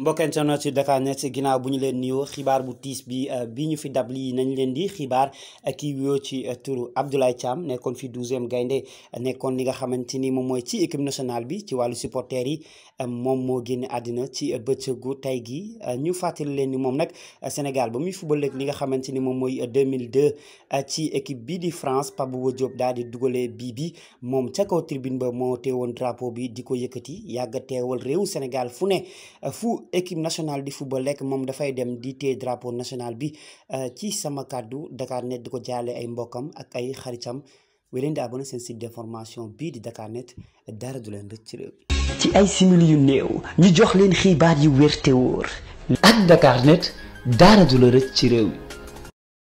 mbokkeen sono ci Dakar Net ginnaaw bu ñu leen nuyoo xibaar bu tiis bi euh, bi ñu fi dab lii nañ leen di xibaar euh, kii wiyoo ci euh, turu Abdoulaye Thiam nekkoon fi douzième gaynde nekkoon li nga xamante ni moom mooy ci équipe nationale bi ci wàllu supporters yi moom moo génn àddina ci bëccëgu tey gi ñu fàttali leen ni moom nag Sénégal ba muy fubal li nga xamante ni moom mooy 2002 ci équipe bii di France Pape Bouba Diop daal di dugalee bii bi moom ca kaw tribune ba moo teewoon drapeau bi di ko yëkkati yàggateewal teewal réewu Sénégal fu ne fu équipe nationale di football lekk moom dafay dem di téye drapeau national bi euh, ci sama kàddu Dakarnet di ko jaale ay mbokkam ak ay xaritam wéy leen di abonné seen site d'information bii di Dakarnet dara du leen rëcc ci réew ci ay simili yu néew ñu jox leen xibaar yu wér te wóor. ak Dakarnet dara du la rëcc ci réew